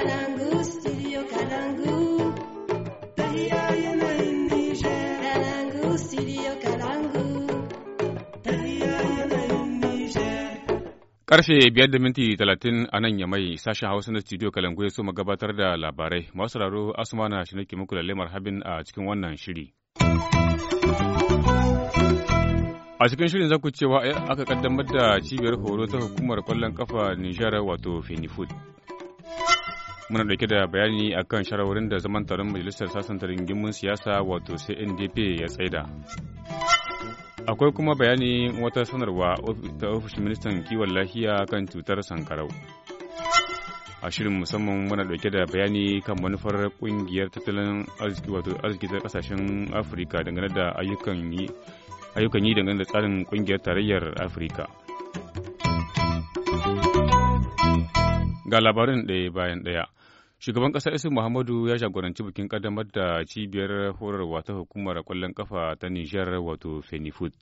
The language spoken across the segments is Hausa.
Kalangu, biyar da minti talatin a nan ya mai sashen Hausa na studio Kalangu ya so gabatar da labarai. Masu sauraro Asuma na shi nake muku lalle habin a cikin wannan shiri. A cikin shirin za cewa eh, aka kaddamar da cibiyar horo ta hukumar kwallon kafa Nijar wato Fenifood. muna dauke da bayani akan shawarwarin da zaman taron majalisar sassan rigimin siyasa wato CNDP ya tsaida. Akwai kuma bayani wata sanarwa ta ofishin ministan kiwon lafiya kan cutar sankarau. A shirin musamman muna dauke da bayani kan manufar kungiyar tattalin arziki wato arziki ta kasashen Afirka dangane da ayyukan yi ayyukan yi dangane da tsarin kungiyar tarayyar Afirka. Ga labarin ɗaya bayan ɗaya. Shugaban ƙasa Isu Muhammadu ya jagoranci bikin ƙaddamar da cibiyar horarwa ta hukumar kwallon kafa ta Nijar wato Fenifut.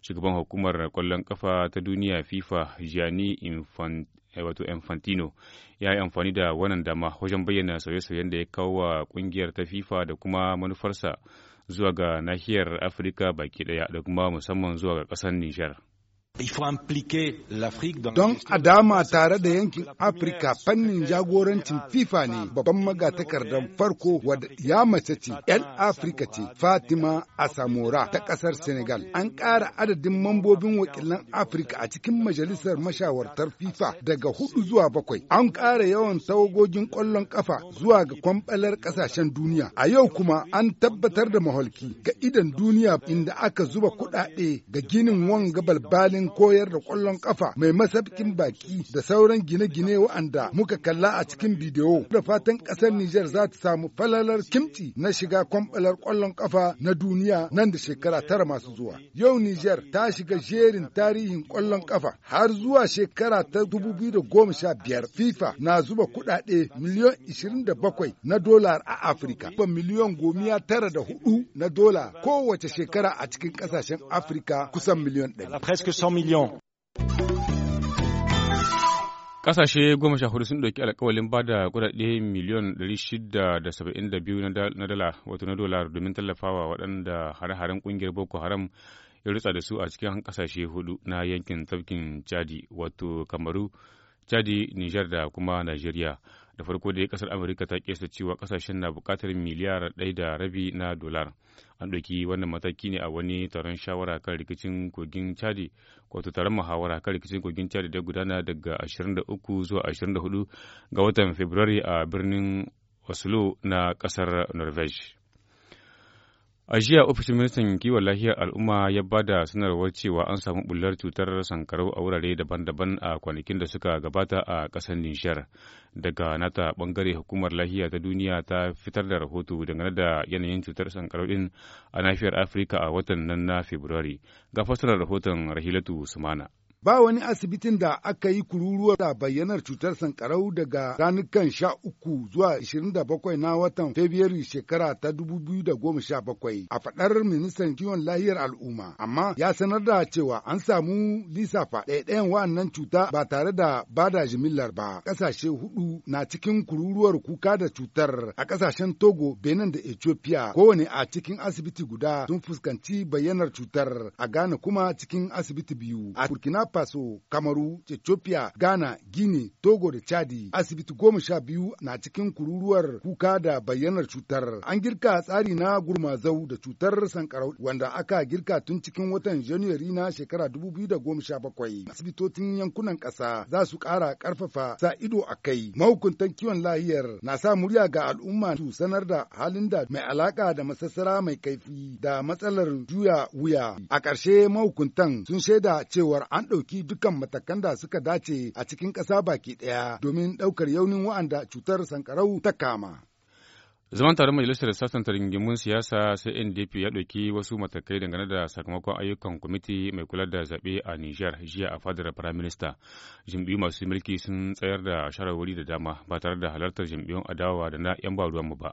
Shugaban hukumar kwallon kafa ta duniya FIFA Gianni eh, wato Infantino ya yi amfani da wannan dama wajen bayyana sauye-sauyen da ya kawo wa kungiyar ta FIFA da kuma manufarsa zuwa ga nahiyar Afirka baki ɗaya da kuma musamman zuwa ga ƙasar Nijar. Don Adama tare da yankin Afirka fannin jagorancin FIFA ne babban magatakardar farko wadda ya mace ce 'yan Afirka ce Fatima Asamora ta ƙasar Senegal. An ƙara adadin mambobin wakilan Afirka a cikin majalisar mashawartar FIFA daga hudu zuwa bakwai. An ƙara yawan tawagogin ƙwallon ƙafa zuwa ga kwamɓalar ƙasashen duniya. A yau kuma an tabbatar da maholki ga idan duniya inda aka zuba kuɗaɗe ga ginin wanga balbalin koyar da ƙwallon ƙafa mai masabkin baki da sauran gine-gine wa'anda muka kalla a cikin bidiyo da fatan ƙasar Nijar za ta samu falalar kimti na shiga kwambalar ƙwallon ƙafa na duniya nan da shekara tara masu zuwa. Yau Nijar ta shiga jerin tarihin ƙwallon ƙafa har zuwa shekara ta biyar FIFA na zuba kuɗaɗe miliyon 27 na dolar a Afirka, ba miliyon gomiya tara da hudu na dola kowace shekara a cikin kasashen Afirka kusan miliyon ɗari. miliyan. Ƙasashe goma sha hudu sun ɗauki alkawalin ba da kuɗaɗe miliyan ɗari shida da saba'in da biyu na dala wato na dolar domin tallafawa waɗanda hare-haren ƙungiyar Boko Haram ya rutsa da su a cikin ƙasashe hudu na yankin tafkin Chadi wato Kamaru, Chadi, Nijar da kuma Najeriya. da farko dai kasar amurka ta kesa cewa kasashen na bukatar miliyar ɗaya da rabi na dolar an ɗauki wannan mataki ne a wani taron shawara kan rikicin kogin chadi wato taron muhawara kan rikicin kogin chadi da gudana daga 23 zuwa 24 ga watan february a birnin oslo na kasar norvege A jiya ofishin ministan kiwon lafiyar al'umma ya ba da sanarwar cewa an samu bullar cutar sankarau a wurare daban-daban a kwanakin da suka gabata a ƙasar Nishar. Daga nata ɓangare hukumar lafiya ta duniya ta fitar da rahoto dangane da yanayin cutar sankarau ɗin a nafiyar Afirka a watan nan na Fabrairu. Ga fassarar rahoton Rahilatu Sumana. Ba wani asibitin da aka yi kururuwar da bayyanar cutar sankarau daga ranukan sha uku zuwa 27 na watan Fabrairu shekara ta da goma sha 2017 a faɗar ministan kiwon lahiyar al'umma, amma ya sanar da cewa an samu lissafa ɗayan wa'annan cuta ba tare da bada jimillar ba. Ƙasashe hudu na cikin kururuwar kuka da cutar a ƙasashen Togo, Benin da Ethiopia kowane a cikin asibiti guda sun fuskanci bayyanar cutar a Ghana kuma cikin asibiti biyu. A Faso, Kamaru, Ethiopia, Ghana, Guinea, Togo da Chadi. Asibiti goma sha biyu na cikin kururuwar kuka da bayyanar cutar. An girka tsari na gurmazau da cutar sankarau wanda aka girka tun cikin watan Janairu na shekara da goma sha bakwai. Asibitocin yankunan ƙasa za su ƙara ƙarfafa sa ido a kai. Mahukuntan kiwon lahiyar na sa murya ga al'umma su sanar da halin da mai alaƙa da masassara mai kaifi da matsalar juya wuya. A ƙarshe mahukuntan sun shaida cewar an ɗauki dukkan matakan da suka dace a cikin ƙasa baki ɗaya domin ɗaukar yaunin wa'anda cutar sankarau ta kama. zaman taron majalisar sassanta rigimun siyasa sai ndp ya ɗauki wasu matakai dangane da sakamakon ayyukan kwamiti mai kula da zaɓe a nijar jiya a fadar firaminista jimbiyu masu mulki sun tsayar da shawarwari da dama ba tare da halartar jam'iyyun adawa da na 'yan ba ba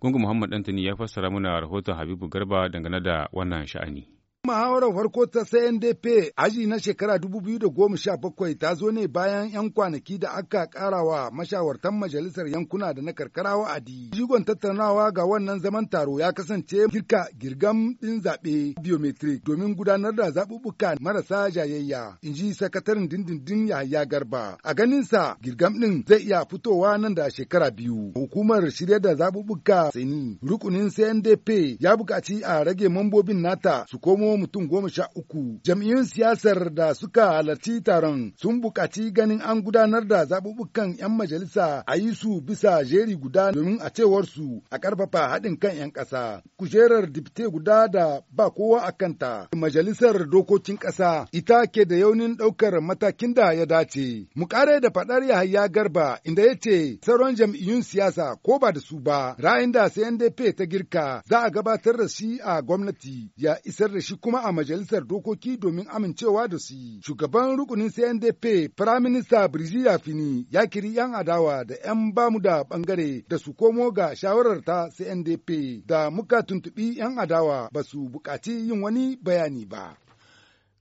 gungun muhammad dantani ya fassara muna rahoton habibu garba dangane da wannan sha'ani Muhawarar farko ta CNDP aji na shekara 2017 ta zo ne bayan 'yan kwanaki da aka karawa mashawartan majalisar yankuna da na karkara wa'adi. Jigon tattaunawa ga wannan zaman taro ya kasance girka girgam ɗin zaɓe biometric domin gudanar da zaɓuɓɓuka marasa jayayya, in ji sakataren dindindin ya Garba. A ganinsa girgam ɗin zai iya fitowa nan da shekara biyu. Hukumar shirya da zaɓuɓɓuka Seni rukunin CNDP ya buƙaci a rage mambobin nata su komo kamo mutum goma sha uku. Jam'iyyun siyasar da suka halarci taron sun buƙaci ganin an gudanar da zaɓuɓɓukan 'yan majalisa a yi su bisa jeri guda domin a cewar su a ƙarfafa haɗin kan 'yan ƙasa. Kujerar dibte guda da ba kowa a kanta. Majalisar dokokin ƙasa ita ke da yaunin ɗaukar matakin da ya dace. Mu ƙare da faɗar Yahaya Garba inda ya ce sauran jam'iyyun siyasa ko ba da su ba ra'ayin da CNDP ta girka za a gabatar da shi a gwamnati ya isar da shi kuma a majalisar dokoki domin amincewa da su. Shugaban rukunin CNDP Firaminista Birjiya Fini ya kiri 'yan adawa da 'yan bamu da bangare da su komo ga shawarar ta CNDP da muka tuntuɓi 'yan adawa ba su bukaci yin wani bayani ba.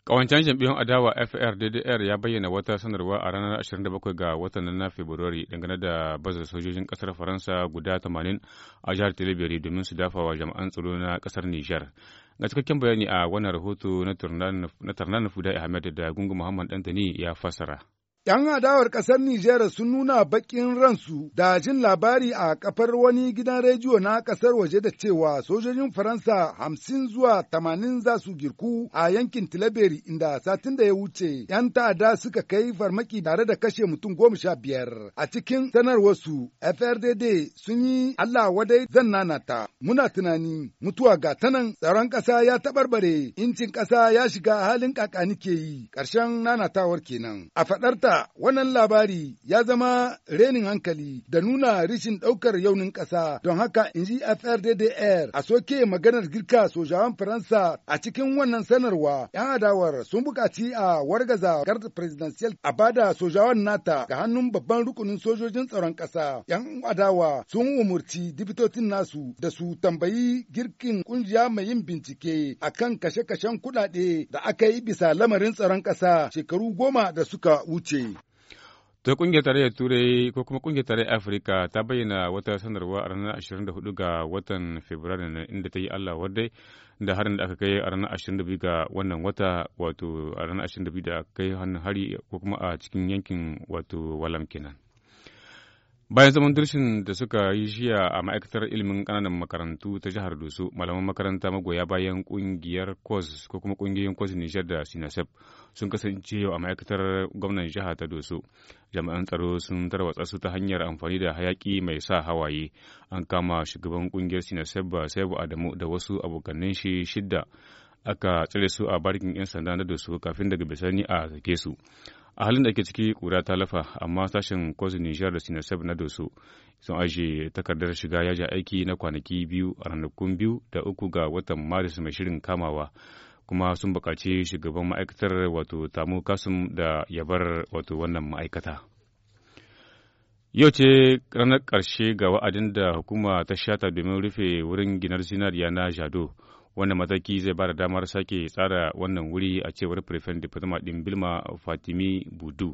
Ƙawancen jam'iyyun adawa FRDDR ya bayyana wata sanarwa a ranar 27 ga watan na Fabrairu dangane da baza sojojin kasar Faransa guda 80 a jihar Tilibiri domin su dafa wa jama'an tsaro na kasar Nijar. Ga cikakken bayani a wannan rahoto na Tarnan Fudai Ahmed da Gungu Muhammad Dantani ya fassara. ‘Yan adawar ƙasar Nijar sun nuna baƙin ransu da jin labari a kafar wani gidan rediyo na ƙasar waje da cewa sojojin Faransa hamsin zuwa tamanin za su girku a yankin Tilaberi inda satin da ya wuce ‘yan ta'ada suka kai farmaki tare da kashe mutum goma sha biyar. A cikin sanarwarsu FRDD sun yi Allah wadai zan nanata. Muna tunani mutuwa ga tanan tsaron ƙasa ya taɓarɓare, incin ƙasa ya shiga halin ƙaƙani ke yi, ƙarshen nanatawar kenan. A faɗarta wannan labari ya zama renin hankali da nuna rishin ɗaukar yaunin ƙasa don haka in ji FRDDR a soke maganar girka sojawan Faransa a cikin wannan sanarwa 'yan adawar sun buƙaci a wargaza gard presidential a bada sojawan nata ga hannun babban rukunin sojojin tsaron ƙasa 'yan adawa sun umurci dibitotin nasu da su tambayi girkin kungiya mai yin bincike akan kashe-kashen kuɗaɗe da aka yi bisa lamarin tsaron ƙasa shekaru goma da suka wuce. To kungiyar tarayyar turai ko kuma kungiyar tarayyar afirka ta bayyana wata sanarwa a ranar 24 ga watan fabrairu na inda ta yi allah wadai da harin da aka kai a ranar 22 ga wannan wata wato a ranar 22 da aka kai hannun hari ko kuma a cikin yankin wato walam kenan. Bayan zaman dirshin da suka yi jiya a ma'aikatar ilimin kananan makarantu ta jihar Doso, malaman makaranta magoya bayan kungiyar kos ko kuma ƙungiyoyin kos Nijar da Sinasef sun kasance yau a ma'aikatar gwamnan jiha ta Doso. Jami'an tsaro sun tarwatsa su ta hanyar amfani da hayaki mai sa hawaye. An kama shugaban kungiyar Sinasef ba ba Adamu da wasu abokanin shi shidda aka tsare su a barkin 'yan sanda na Doso kafin daga bisani a sake su. a halin da ke ciki kura ta lafa amma sashen kwazin nijar da sinasab na doso sun ajiye takardar shiga yaji aiki na kwanaki biyu a ranakun biyu da uku ga watan maris mai shirin kamawa kuma sun buƙaci shugaban ma'aikatar wato tamu kasum da ya wato wannan ma'aikata yau ce ranar ƙarshe ga wa'adin da hukuma ta shata domin rufe wurin ginar zinariya na jado wannan mataki zai ba da damar sake tsara wannan wuri a cewar prefen diploma din bilma fatimi budu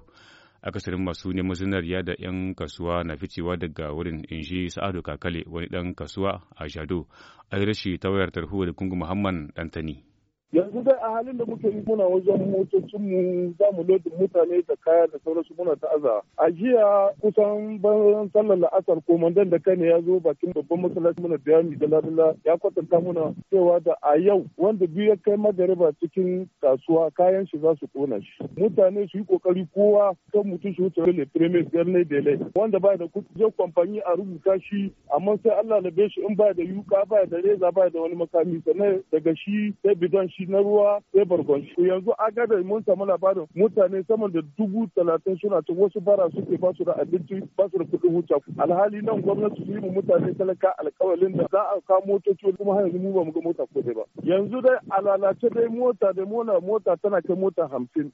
akasarin masu neman zinariya da 'yan kasuwa na ficewa daga wurin inji sa'adu kakale wani ɗan kasuwa a jado a rashi ta wayar tarho da kungu muhammad dantani yanzu dai a halin da muke yi muna wajen motocin mu. za mu lodin mutane da kaya da sauransu muna ta aza a jiya kusan bayan sallar la'asar mandan da kane ya zo bakin babban masallaci muna biya mi ladala ya kwatanta muna cewa da a yau wanda biyu ya kai magariba cikin kasuwa kayan shi za su kona shi mutane su yi kokari kowa kan mutum shi wuce le premier da dele wanda ba da kuɗi kwamfani a rubuta shi amma sai Allah na shi in ba da yuka ba da reza ba da wani makami sannan daga shi sai bidon shi abinci na ruwa sai bargon shi yanzu agada mun samu labarin mutane sama da dubu talatin suna cin wasu bara suke ba su da abinci ba su da kuɗin wuce alhali nan gwamnati su yi mu mutane talaka alkawalin da za a kawo motoci kuma har yanzu mu ba mu ga mota ko dai ba yanzu dai a lalace dai mota da mona mota tana kai mota hamsin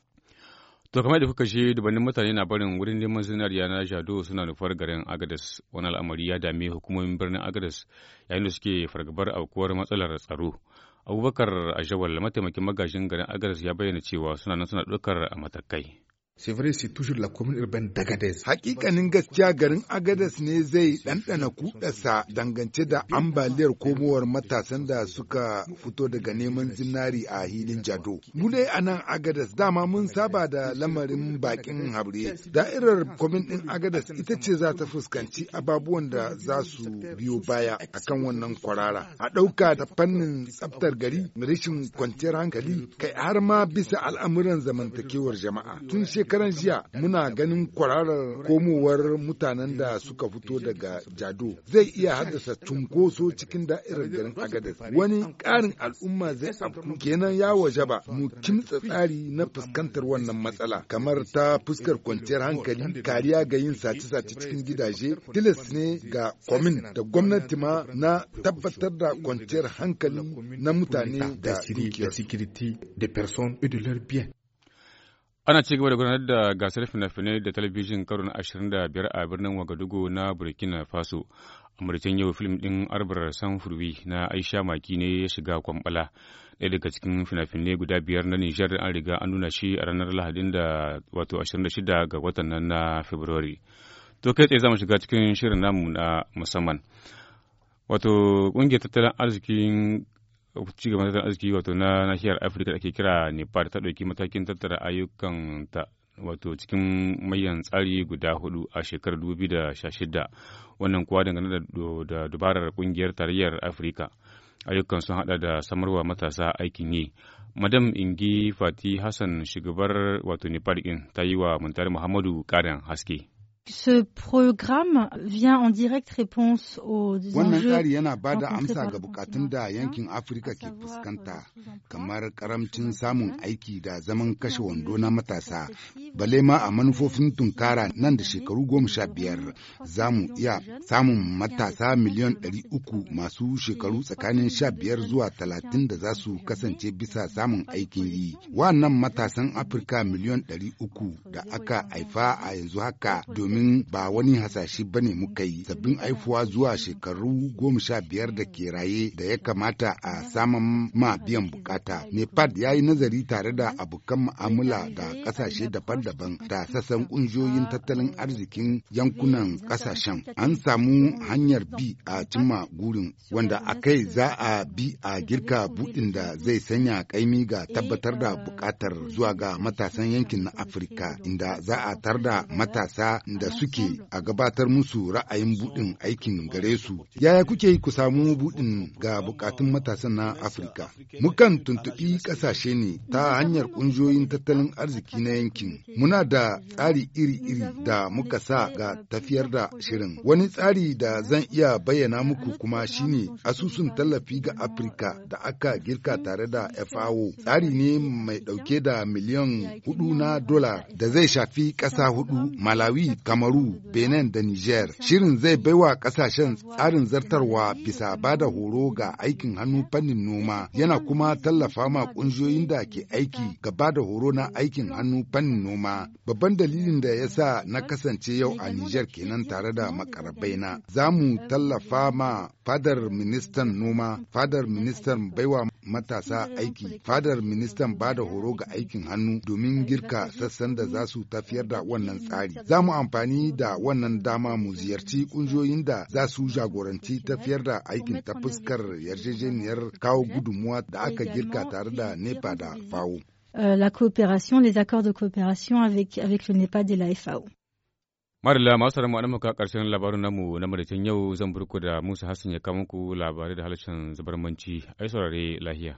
To kamar da kuka ji dubannin mutane na barin wurin neman zinariya na Jado suna nufar garin Agadas wani al'amari ya dame hukumomin birnin Agadas yayin da suke fargabar aukuwar matsalar tsaro. Abubakar Ajawal mataimakin magajin garin Agadas ya bayyana cewa suna nan suna ɗaukar a matakai. C'est vrai, c'est toujours la commune urbaine d'Agadez. Hakikanin gaskiya garin Agadez ne zai ɗanɗana kuɗasa dangance da ambaliyar komowar matasan da suka fito daga neman zinari a hilin Jado. Mu dai a nan Agadez dama mun saba da lamarin bakin habre. Da'irar komin ɗin Agadez ita ce za ta fuskanci ababuwan da za su biyo baya akan wannan kwarara. A ɗauka da fannin tsaftar gari, rashin kwanciyar hankali, kai har ma bisa al'amuran zamantakewar jama'a. Tun shekaran jiya muna ganin kwararar komowar mutanen da suka fito daga Jado zai iya haddasa cunkoso cikin da'irar garin Agadez. Wani ƙarin al'umma zai afku kenan ya waje ba mu kimtsa tsari na fuskantar wannan matsala kamar ta fuskar kwanciyar hankali kariya ga yin sace-sace cikin gidaje tilas ne ga kwamin da gwamnati ma na tabbatar da kwanciyar hankali na mutane da dukiyar. Ana ci gaba da gudanar da gasar fina-finai da talabijin karo na 25 a birnin Wagadugu na Burkina Faso. marcin yau film ɗin Arbar Sanfurwi na Aisha Maki ne ya shiga kwambala. Ɗaya daga cikin fina-finai guda biyar na Nijar an riga an nuna shi a ranar Lahadin da wato 26 ga watan nan na Fabrairu. To kai tsaye za mu shiga cikin shirin namu na musamman. Wato ƙungiyar tattalin arzikin ci gaban tattalin arziki wato na nahiyar afirka da ake kira nepal ta ɗauki matakin tattara ayyukan ta wato cikin mayan tsari guda hudu a shekarar 2016 wannan kuwa dangane da dubarar kungiyar tarayyar afirka ayyukan sun hada da samarwa matasa aikin yi madam ingi fati hassan shugabar wato nepal ta yi wa muntari muhammadu karin haske Ce programme vient en direct réponse aux Wannan tsari yana ba da amsa ga bukatun da yankin Afirka ke fuskanta, euh, kamar karamcin samun aiki da zaman kashe wando na matasa, bale ma a manufofin tunkara nan da shekaru goma sha biyar za iya samun matasa miliyan ɗari uku masu shekaru tsakanin sha biyar zuwa talatin da za su kasance bisa samun aikin yi. Wannan matasan Afirka miliyan ɗari uku da aka haifa a yanzu haka domin domin ba wani hasashe ba ne muka yi sabbin haifuwa zuwa shekaru goma sha biyar da ke raye da ya kamata a saman ma biyan bukata. Nepad ya yi nazari tare da abokan mu'amala da ƙasashe daban-daban da sassan ƙungiyoyin tattalin arzikin yankunan ƙasashen. An samu hanyar bi a cimma gurin wanda a kai za a bi a girka buɗin da zai sanya kaimi ga tabbatar da buƙatar zuwa ga matasan yankin na Afirka inda za a tar da matasa da suke a gabatar musu ra'ayin buɗin aikin gare su. Yaya kuke ku samu buɗin ga bukatun matasan na Afirka? Mukan tuntubi ƙasashe ne ta hanyar kungiyoyin tattalin arziki na yankin. Muna da tsari iri-iri da muka sa ga tafiyar da shirin. Wani tsari da zan iya bayyana muku kuma shine asusun tallafi ga Afirka da aka girka tare da FAO. Tsari ne mai ɗauke da miliyan hudu na dola da zai shafi ƙasa hudu Malawi, Kam Kamaru, Benin da Niger. Shirin zai baiwa kasashen tsarin zartarwa bisa ba da horo ga aikin hannu fannin noma yana kuma tallafa ma ƙungiyoyin da ke aiki ga ba da horo na aikin hannu fannin noma. Babban dalilin da ya sa na kasance yau a Niger kenan tare da makarabaina. Za mu tallafa ma fadar ministan noma fadar ministan baiwa matasa aiki fadar ministan ba da horo ga aikin hannu domin girka sassan da za su tafiyar da wannan tsari za mu amfani da wannan dama mu ziyarci kungiyoyin da za su jagoranci tafiyar da aikin ta fuskar yarjejeniyar kawo gudunmuwa da aka girka tare da nepa da fawo euh, la coopération, les accords de coopération avec, avec le nepa de la FAO. Madalla masu sauran mu muka karshen labarin namu na maritin yau zan burku da Musa Hassan ya kawo muku labarai da halashin zubarmanci ai saurare lahiya.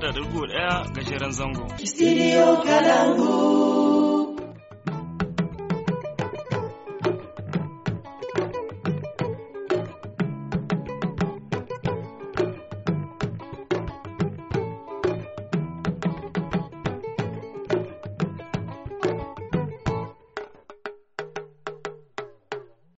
da ɗaya gajeren zango. Studio Kalangu.